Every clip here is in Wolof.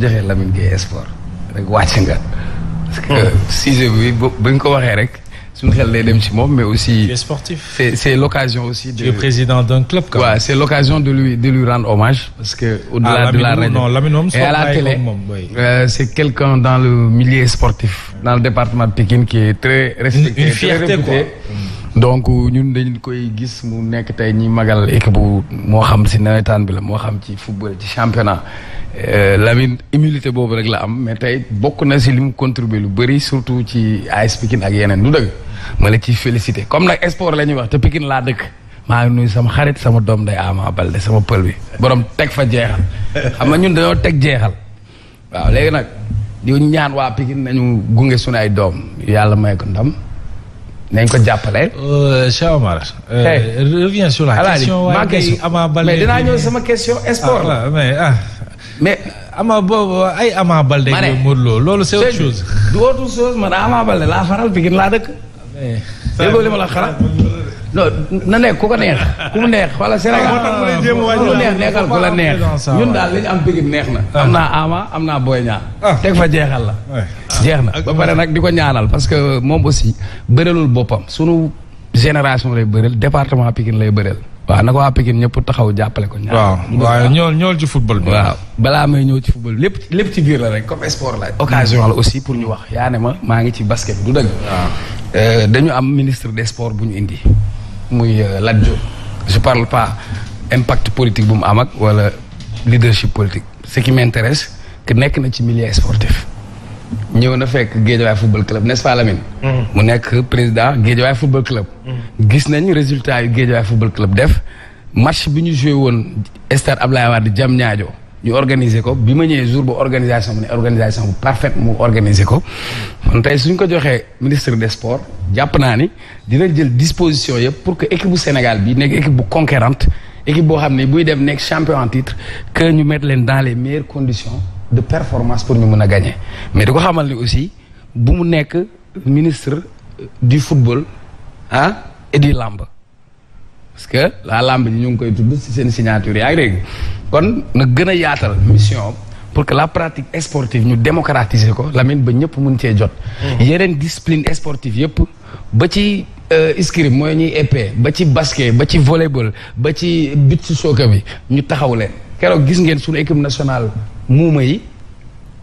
joxee Lamine Gueye sport rek wàcc nga. parce que hmm. sujet bi bu ñu ko waxee rek suñu xel lay dem ci moom mais aussi. les sportifs sportif c'est l'occasion aussi. de le président d'un club. quoi ouais, c'est l'occasion de lui de lui rendre hommage. parce que au-delà ah, de la radio non et à la télé euh, c'est quelqu'un dans le milieu sportif. dans le département de Pikine qui est très respecté une fierté quoi. donc ñun dañ koy gis mu nekk tey ñi magal équipe bu moo xam ci nawetaan bi la moo xam ci football ci championnat. Euh, Lamine humilité boobu rek la am mais tey bokk na si lim contribuer lu bëri surtout ci AS Pikine ak yeneen lu dëgg ma la ciy félicité comme nag sport la ñuy wax te Pikine laa dëkk maa ngi nuyu sama xarit sama doom day Ama Baldé sama pël bi borom teg fa jeexal xam nga ñun dañoo teg jeexal waaw nag di ñaan waa Pikine nañu gunge suñu ay doom yàlla may ko ndam nañ ko jàppale. Euh, Cheikh Omar. Euh, reviens sur dinaa ñëw sama question sport la ah, mais ama boobu ay Ama Balde. ma ne loolu c'est autre chose. du autre chose man Ama Balde laa faral Pikine laa dëkk. déggoo li ma la xalaat. na nekk ku ko neex ku neex wala Sénégal ah, ku mu neex la neex ah, ñun daal li am Pikine neex na. Ah. am naa Ama am naa Boy Niang. teg fa jeexal la. jeex na ba pare nag di ko ñaanal parce que moom aussi bërelul boppam sunu génération lay bëril département Pikine lay bërel. waaw na ko waa Pikine ñëpp taxaw jàppale ko. waaw waaw ñool ñool ci football bi. waaw balaa may ñëw ci football lépp lépp ci biir la rek comme sport la. Hmm. occasion la aussi pour ñu wax yaa ne ma maa ngi ci basket du dëgg. waaw euh, dañu am ministre des sports bu ñu indi muy euh, Lat Diop. je parle pas impact politique bu mu am ak wala leadership politique ce qui m'intéresse ki nekk na ci milieu sportif. ñëw na fekk Guédiawaye football club n'est-ce pas Lamine. Mm-hmm. mu nekk président Guédiawaye football club. Mm-hmm. gis nañ résultat yu Guédiawaye football club def match bi ñu joué woon stade Ablaye Wade Diamniadio ñu organiser ko bi ma ñëwee jour ba organisation bu ne organisation bu parfaite mu organisé ko. man tey suñ ko joxee ministre des sports jàpp naa ni dina jël disposition yëpp pour que équipe bu Sénégal bi nekk équipe bu conquérante équipe boo xam ne buy dem nekk champion en titre que ñu mettre leen dans les meilleures conditions. de performance pour ñu mën a gagner mais di ko xamal ni aussi bu mu nekk ministre euh, du football ah et du parce que la lamb ñi ñu ngi koy tudd ci seen signature yaa ngi dégg kon nga gën yaatal mission pour que la pratique sportive ñu démocratiser ko Lamine ba ñëpp mun cee jot. Mm. yeneen discipline sportive yëpp ba ci euh, escrime mooy ñuy épée ba ci basket ba ci volleyball ba ci beach soccer bi ñu taxaw leen. kéro gis ngeen suñu équipe nationale muuma yi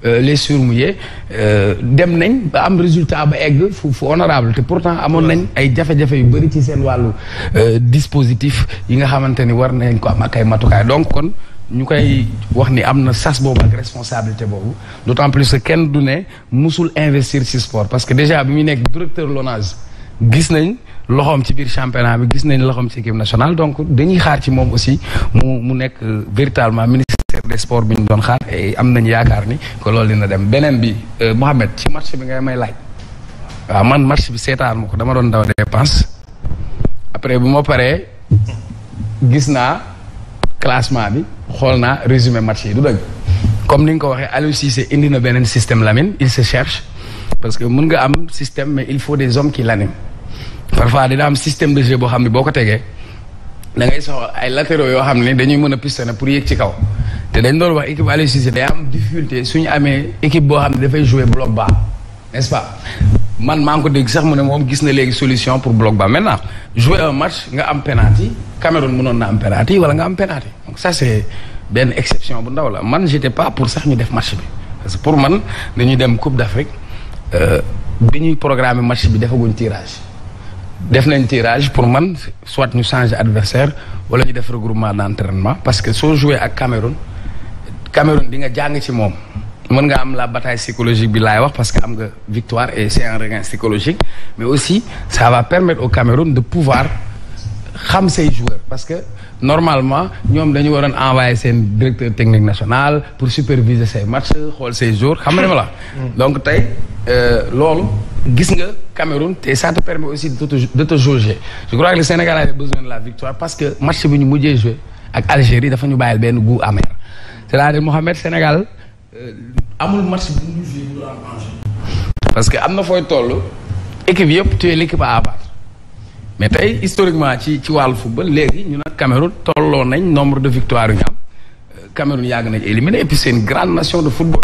euh, les surmouillés euh, dem nañ ba am résultat ba egg fu fu honorable te pourtant amoon nañ ay jafe-jafe yu bëri ci seen wàllu euh, dispositif yi nga xamante ni war nañ ko am ak ay matukaay donc kon ñu koy wax ni am na sas boobu ak responsabilité boobu d'autant plus que kenn du ne musul investir ci sport parce que déjà bi muy nekk directeur LONASE gis nañ ci biir championnat bi gis nañ ci équipe donc dañuy xaar ci moom aussi mu mu euh, ministère des sports xaar et am nañ ni que loolu dina dem bi euh, Mohamed match bi ngay may laaj match bi dama daw après classement bi résumé match comme ko Cissé indi système Lamine il se cherche parce que mën nga am système mais il faut des hommes qui l'animent parfois dina am système de jeu boo xam ne boo ko tegee da ngay soxla ay latéraux yoo xam ne dañuy mën a pistonné pour yéeg ci kaw te dañ doon wax équipe Aliou Cissé day am difficulté suñu amee équipe boo xam ne dafay jouer bloc bas n'est-ce pas man maa ngi ko dégg sax mu ne moom gis na léegi solution pour bloc bas maintenant jouer un match nga am penalty Cameroun mënoon na am penalty wala nga am penalty donc ça c'est benn exception bu ndaw la man j'étais pas pour sax ñu def match bi parce que pour man dañuy dem Coupe d'Afrique euh, bi ñuy programme match bi un tirage def nañ tirage pour man soit ñu changer adversaire wala ñu def regroupement d'entraînement parce que soo jouer à Cameroun Cameroun di nga jàng ci moom mën nga am la bataille psychologique bi parce que am nga victoire et c'est un regain psychologique mais aussi ça va permettre au Cameroun de pouvoir xam say joueurs parce que normalement nous dañu waroon envoyer seen directeur technique national pour superviser ses matchs xool say jours, xam la mm. donc euh, Lolo, Gisinga, Cameroun et ça te permet aussi de te juger. jauger je crois que le Sénégal a besoin de la victoire parce que le euh, match bi ñu jouer joué l'Algérie Algérie dafa ñu un de goût amer cest là que Mohamed Sénégal le match bu ñu joué pour am parce que Amna na fooy toll équipe tu es l'équipe à abattre mais historiquement, historiquement ci ci le football les ñu nag Cameroun a nañ nombre de victoires euh, Cameroun est éliminé et puis c'est une grande nation de football.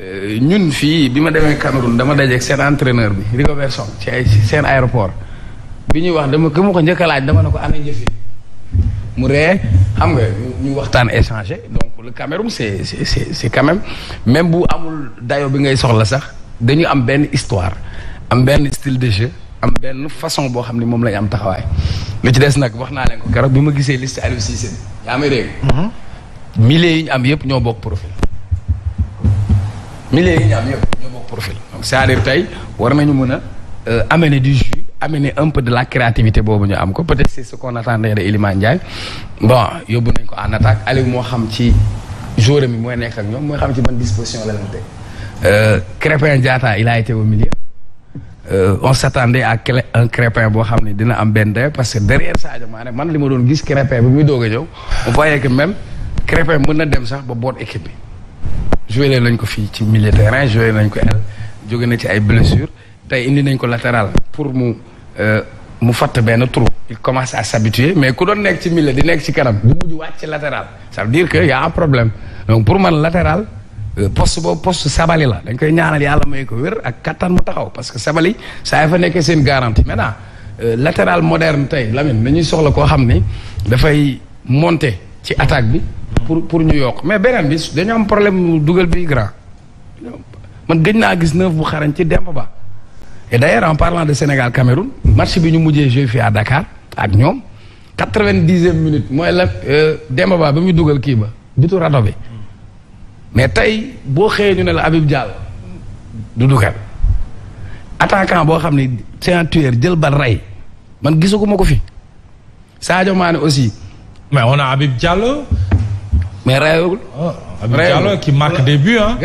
Euh, ñun fii bi ma demee Cameroun dama dajeeg seen entraîneur bi Rigobertson ci ay seen aéroport bi ñuy wax dama gëm ko njëkk laaj dama ne ko ana njëfi mu ree xam nga ñu waxtaan échanger donc le Cameroun c'est c'est c'est quand même même bu amul dayo bi ngay soxla sax dañu am benn histoire am benn style de jeu am benn façon boo xam ne moom lañ am taxawaay mu ci des nag wax naa leen ko garab bi ma gisee liste Aliou Cissé yaa may dégg. Mm-hmm. milliers yi ñu am yëpp ñoo bokk mi léegi ñaam yëpp ñoo bokk profil c'est-à-dire tey war nañu euh, amener du jus amener un peu de la créativité boobu ñu am ko peut-être c'est ce qu'on attendait de Iliman Ndiaye bon yóbbu nañ ko en attaque Aliou moo xam ci joueur mi mooy nekk ak ñoom mooy xam ci ban disposition la leen teg euh, Crépin Diata, il a été au milieu Euh, on s'attendait à un Crépin bo xam dina am benn dayoo parce que derrière ça Mané man li ma doon gis Crépin bi muy doog a ñëw on voyait que même Crépin mëna dem sax ba boot équipe bi. joué nañ ko fii ci milieu terrain joué nañ ko aile jóge na ci ay blessures tey indi nañ ko latéral pour mu euh, mu fatt benn trou il commence à s'habituer mais ku doon nekk ci milieu di nekk ci kanam du mujj wàcc ci latéral ça veut dire que y a un problème donc pour man latéral euh, poste boobu poste sabali la dañ koy ñaanal yàlla may ko wér ak kattan mu taxaw parce que sabali saa fa nekkee seen garantie maintenant euh, latéral moderne tey Lamine dañuy soxla koo xam ni dafay monter ci attaque bi pour pour ñu yokk mais beneen bi dañu am problème mu dugal bi grand man gëj naa gis neuf bu xarañ ci demb ba et d'ailleurs en parlant de Sénégal Cameroun match bi ñu mujjee joué fii à Dakar ak ñoom 90e minute mooy la euh, demb ba ba mu dugal kii ba bitu rato bi mais tey boo xëyee ñu ne la Habib Diallo du dugal attaquant boo xam ne c'est un tueur jël ba rey man gisaguma ko fi Sadio Mané aussi mais on a Habib Diallo mais rayagul. Oh, rayagul qui marque des buts ah.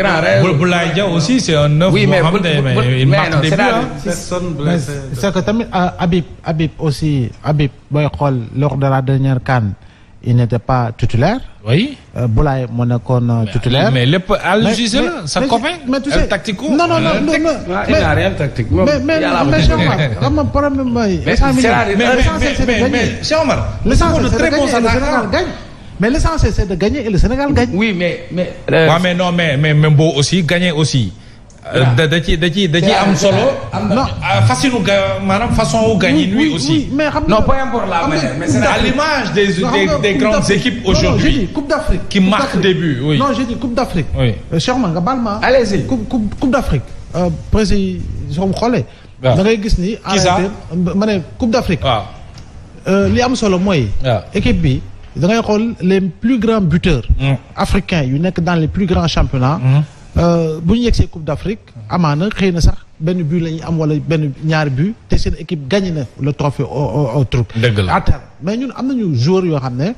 aussi c'est un neuf. oui mais bu mais il marque des buts personne blessé c'est que tamit euh, Habib Habib aussi Habib booy xool lors de la dernière CAN il n'était pas titulaire. oui. Euh, Boulaye moo nekkoon euh, titulaire. lépp il n'a rien tactique. mais mais mais Cheikh Omar xam nga problème mooy. mais mais mais l'essentiel c'est de gagner et le Sénégal gagne. oui mais mais. Euh, mais non mais mais aussi gagner aussi. Euh, da solo. Ah, facile façon wu gagner lui aussi. mais non peu importe la manière mais c'est à l'image des grandes équipes aujourd'hui coupe d'Afrique qui marque début oui. non je dis coupe d'Afrique. oui euh, Cheikh allez-y coupe d'Afrique. président je vous xoolee. da Vous gis ni. coupe d'Afrique. waaw li am solo moi, équipe B, da ngay xool les plus grands buteurs. Mm. africains yu nekk dans les plus grands championnats. Mm. Euh, bu ñu yegsee Coupe d'Afrique, Amana, amaana xëy na sax benn but lañu am wala ben ñaar but té seen équipe gagné na le trophée au au truc. dëgg la mais ñun am nañu joueur yo xamné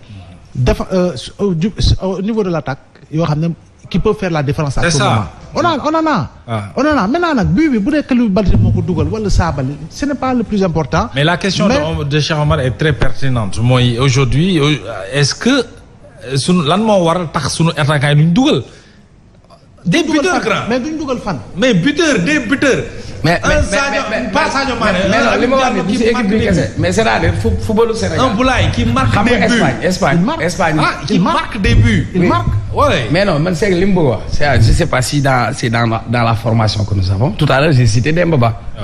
ne. euh, au niveau de l'attaque, yo xamné qui peut faire la différence. à tout moment on a on en a. Ah. on en a maintenant nag bii bi bu dee Kalidou Balde moo ko dugal wala Sabaly ce n'est pas le plus important. mais la question de de est très pertinente Moi, aujourd'hui euh, est-ce que euh, sunu lan on waral tax sunu attaquant ñu dougal dugal. des buteurs grand mais duñ dougal fan. mais buteur des buteurs mais un Sadio pas Sadio Mané. mais euh, li ma wax nii équipe bi kese mais c'est-à-dire football footballu Sénégal. un Boulay qui marque des buts Espagne Espagne qui ah, marque des buts. il marque mais non man Limbo, li c'est je sais pas si dans c'est dans dans la formation que nous avons tout à l'heure j'ai cité Demba Ba. Ah.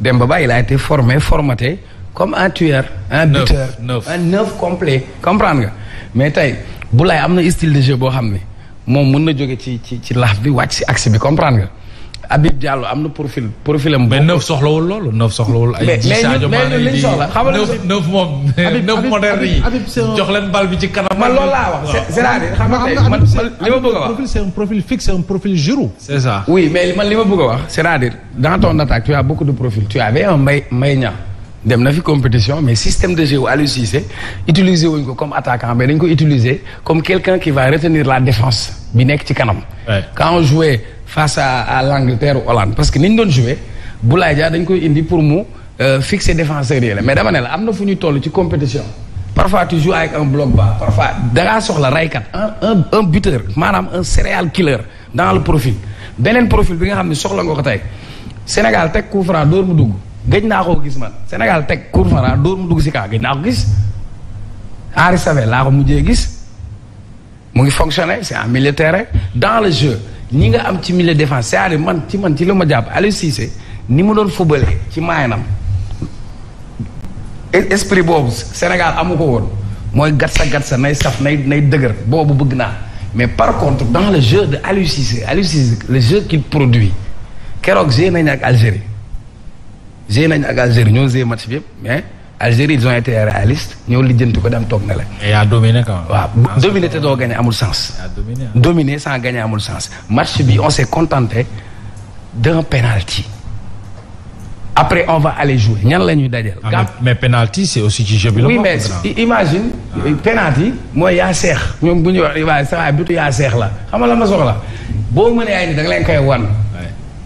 Demba Ba il a été formé formaté comme un tueur. un buteur un neuf complet. comprendre mais tay, Boulaye am style de jeu bo xamné. Mom moom mën na jóge ci ci ci laaf bi wacc si axe bi comprendre Habib Diallo am na profil profil am. mais neuf soxlawul loolu neuf soxlawul. ay di Sadio Mané di neuf moom. neuf moderne yi jox leen bal bi ci kanam. man loolu laa wax cest à Mais xam nga man li ma bëgg a wax. c'est un profil fixe c'est un profil Giroud. c'est ça oui mais man li ma bëgg a wax. c'est-à-dire dans ton attaque tu as beaucoup de profils tu avais un Mbaye Mbaye Niang dem na fi compétition mais système de jeu Aliou Cissé utiliser wuñ ko comme attaquant mais dañ ko utiliser comme quelqu'un qui va retenir la défense bi nekk ci kanam. quand on jouait face à, l'Angleterre ou Hollande parce que niñ doon jouer Boulaye Dia dañ koy indi pour mu euh, fixer défenseur yi la mais dama ne la amna fuñu tollu ci compétition parfois tu joues avec un bloc bas parfois nga soxla kat un un un buteur manam un serial killer dans le profil benen profil bi nga xamni soxla nga ko tay Sénégal tek coup franc door mu dugg gëj na ko gis man Sénégal tek coup franc door mu dugg si ka gëj na ko gis Ari Saivet la ko mujjé gis mu ngi fonctionner c'est un militaire dans le jeu ñi nga am ci milieu défense cest man ci man ci ni fubale ci e, esprit boobu Sénégal amu ko woon gatsa gatsa nay saf nay nay mais par contre dans le jeu de Aliou Cissé le jeu qu'il produit keroog ak Algérie gée nañu ak Algérie ñoo Algérie ils ont été réalistes Ils ont ko dem et dominé quand même. Dominer, dominé gagner à sens. dominer hein. dominé gagner sans mon sens. match bi on s'est contenté d'un penalty. après on va aller jouer ah, mais penalty c'est aussi jeu oui mais imagine. Ah. penalty moi il a il bu ñu wax y la xam la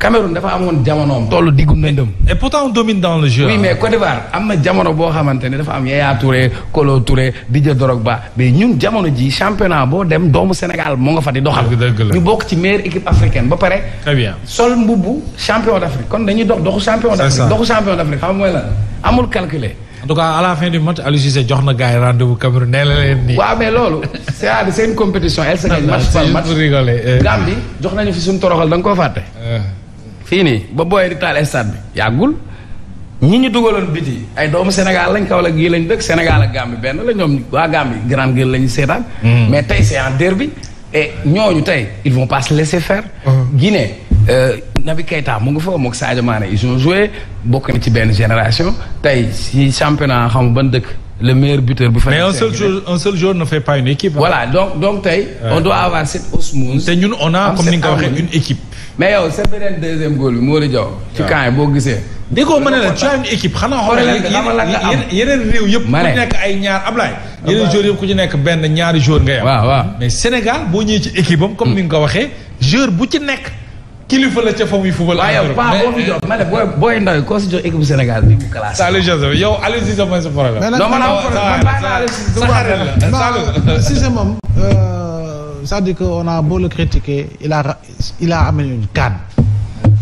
Cameroun dafa amoon jamonoom tollu diggu ndëndëm. et pourtant on domine dans le jeu. oui mais Côte d'Ivoire am na jamono boo xamante ne dafa am Yaya Touré Kolo Touré Didier Drogba mais ñun jamono ji championnat boo dem doomu Sénégal moo nga fa di doxal. ñu bokk ci meilleure équipe africaine ba pare. très bien sol mbubb champion d'Afrique kon dañuy dox doxu champion d'Afrique doxu champion d'Afrique xam nga mooy la amul calculer. en à la fin du match Aliou Cissé jox na gars yi rendez-vous Cameroun nee na leen nii. waaw mais loolu. c'est-à-dire euh. fi suñu toroxal da nga koo fàtte. Euh. fini nii ba booyee di taal stade bi yàggul ñi ñu dugaloon biti ay doomu Sénégal lañ Kaolack gii lañ dëkk Sénégal ak Gambie benn la ñoom waa Gambie grande gueule lañu seetaan. Hmm. mais tey c'est en derby et ñooñu tey ils vont pas se laisser faire. Hmm. Guinée euh, Nabi Keita mu ngi fa moog Sadio Mané ils ont joué bokk na ci benn génération tey si championnat xam ban dëkk. le meilleur buteur bu fa. mais un seul jour un seul joueur ne fait pas une équipe. Hein. voilà donc donc tey. on doit avoir cette osmose. te ñun on a comme ni nga waxee une équipe. mais yow sa beneen deuxième góol bi moo di jaw ci camp boo gisee. déggoo ma ne la tu as une équipe xanaa xoolal yeneen réew yëpp ku nekk ay ñaar Ablaye yeneen joueurs yëpp ku ci nekk benn ñaari joueurs nga yam waaw waaw mais Sénégal boo ñëwee ci équipe am comme ni nga ko waxee joueur bu ci nekk kilifa la ca fa muy fubal waaye yow paa boo fi jox ma ne booy booy ndaw koo si jox équipe sa problème non man am problème man bàyyi naa ça dit dire qu'on a beau le critiquer, il a, il a amené une canne.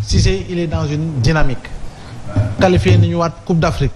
Si c'est, il est dans une dynamique. Qualifié de Coupe d'Afrique.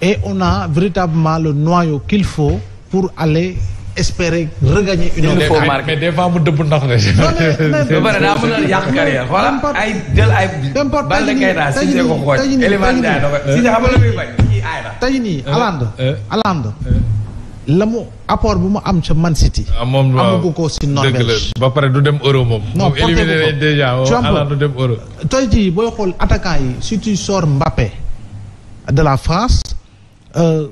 Et on a véritablement le noyau qu'il faut pour aller espérer regagner une autre. mais des la mu apport bu mu am ca Man City. Ah, moom amagu ko si Norvège ba pare du dem euro moom. non porté ko éliminé du dem euro. tey jii booy xool attaquant yi si tu sors de la France euh,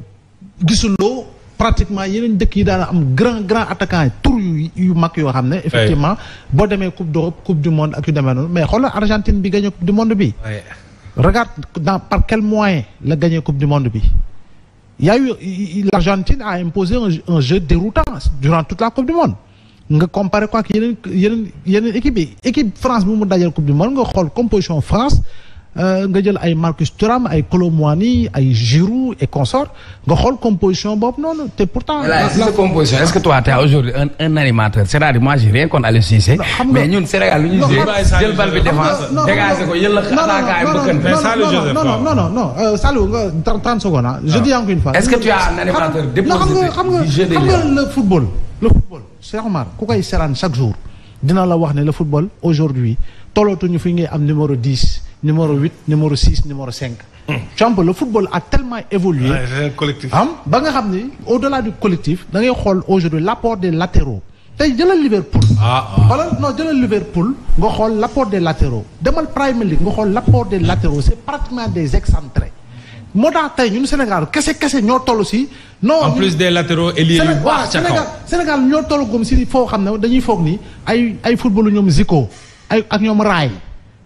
gisuloo pratiquement yeneen dëkk yi daan am grand grand attaquant yi tur yu yu mag yoo xam ne. effectivement boo demee coupe d'Europe coupe du monde ak yu demee noonu mais xoolal Argentine bi gagné coupe du monde bi. regarde dans par quel moyen la gagné coupe du monde bi. Il y a eu, l'Argentine a imposé un, jeu déroutant durant toute la Coupe du Monde. nga comparer quoi qu'il y ait une équipe yi équipe France bu dajal Coupe du Monde nga xool composition France euh, nga jël ay Marcus Thuram ay Kolo ay Giroud et consort nga xol composition boobu non te pourtant. la la composition est-ce que toi tu as aujourd'hui un un animateur c'est-à-dire moi j'ai rien contre Aliou Cissé. mais ñun Sénégal lu ñu jël bal bi défense. dégager ko yëlla attaquer ay non non non non non euh, Salou nga 30 secondes hein. je ah. dis encore une fois. est-ce que tu as un animateur déposé xam nga xam nga le football. le football Cheikh Omar ku koy seraan chaque jour dina la wax ne le football aujourd'hui ñu fi ngay am numéro 10 numéro 8 numéro 6 numéro 5. le football a tellement évolué. collectif hein? ba nga au-delà du collectif da ngay a aujourd'hui l'apport des latéraux. tey le Liverpool. ah ah. non le Liverpool. nga l'apport des latéraux. le Premier League nga l'apport des latéraux c'est pratiquement des excentrés. moo tax sénégal ñun Sénégal quest c'est ñoo toll ci non en plus des latéraux il y yu baax ca Le Sénégal Sénégal ñoo toll gom si foo xam dañuy fogg ni ay ay football ñom Zico ay ak ñom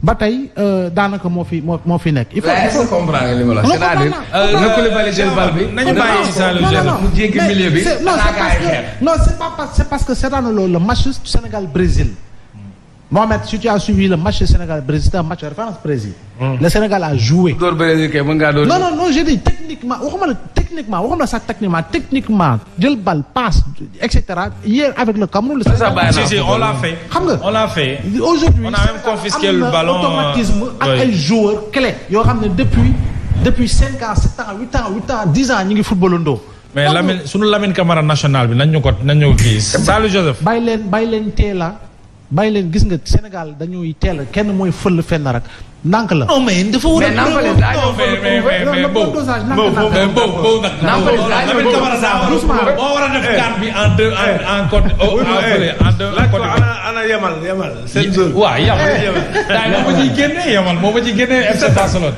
ba tey euh, daanaka moo fi moo moo fi nekk. il faut que est-ce que comprendre nga li ma la wax. c'est-à-dire bal bi. nañu bàyyi Isaalu jël mu jéggi bi. non c'est parce que non c'est pas c'est parce que seetaanu Sénégal Brésil. Mohamed, si tu as suivi le match du Sénégal-Brésil, c'était un match de référence-Brésil. Hum. Le Sénégal a joué. Non, non, non, j'ai dit techniquement, techniquement, ça techniquement, techniquement, le balle, passe, etc. Hier, avec le Cameroun, le Sénégal. Ça, si, si, on l'a fait. On l'a fait. Aujourd'hui, on a même confisqué le ballon. automatisme un joueur clé. Il y depuis, depuis 5 ans, 7 ans, 8 ans, ans, 10 ans, il y a football Mais Lamine, sur le Lamine national, nous avons dit, salut Joseph. Bailen, Bailen, t'es là. bàyyi leen gis nga Sénégal dañuy teel kenn mooy fël fenn rek nànk la. non mais dafa war a. mais nàmpale daa ñëw mais mais mais boobu boobu nag. nàmpale daa ñëw mais moo war a def carte eh, bi en deux en eh. en côté oh, eh. en deux en côté. ana yemal yemal seen zone. waaw yemal yemal. moo ma ciy génnee yemal moo ma ciy génnee FC Barcelone.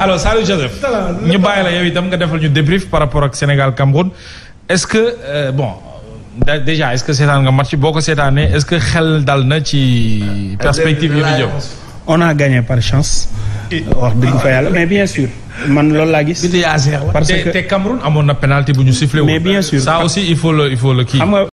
alors salut Joseph. ñu bàyyi la yow itam nga defal ñu débrief par rapport ak Sénégal Cameroun est-ce que euh, bon. déjà est-ce que c'est nga match beaucoup cette année est-ce que xel dal na ci perspective du euh, on a gagné par chance wax fa yalla mais bien sûr man loolu la gis parce que Cameroun a na penalty buñu ñu sifflé mais bien sûr ça aussi il faut le il faut le qui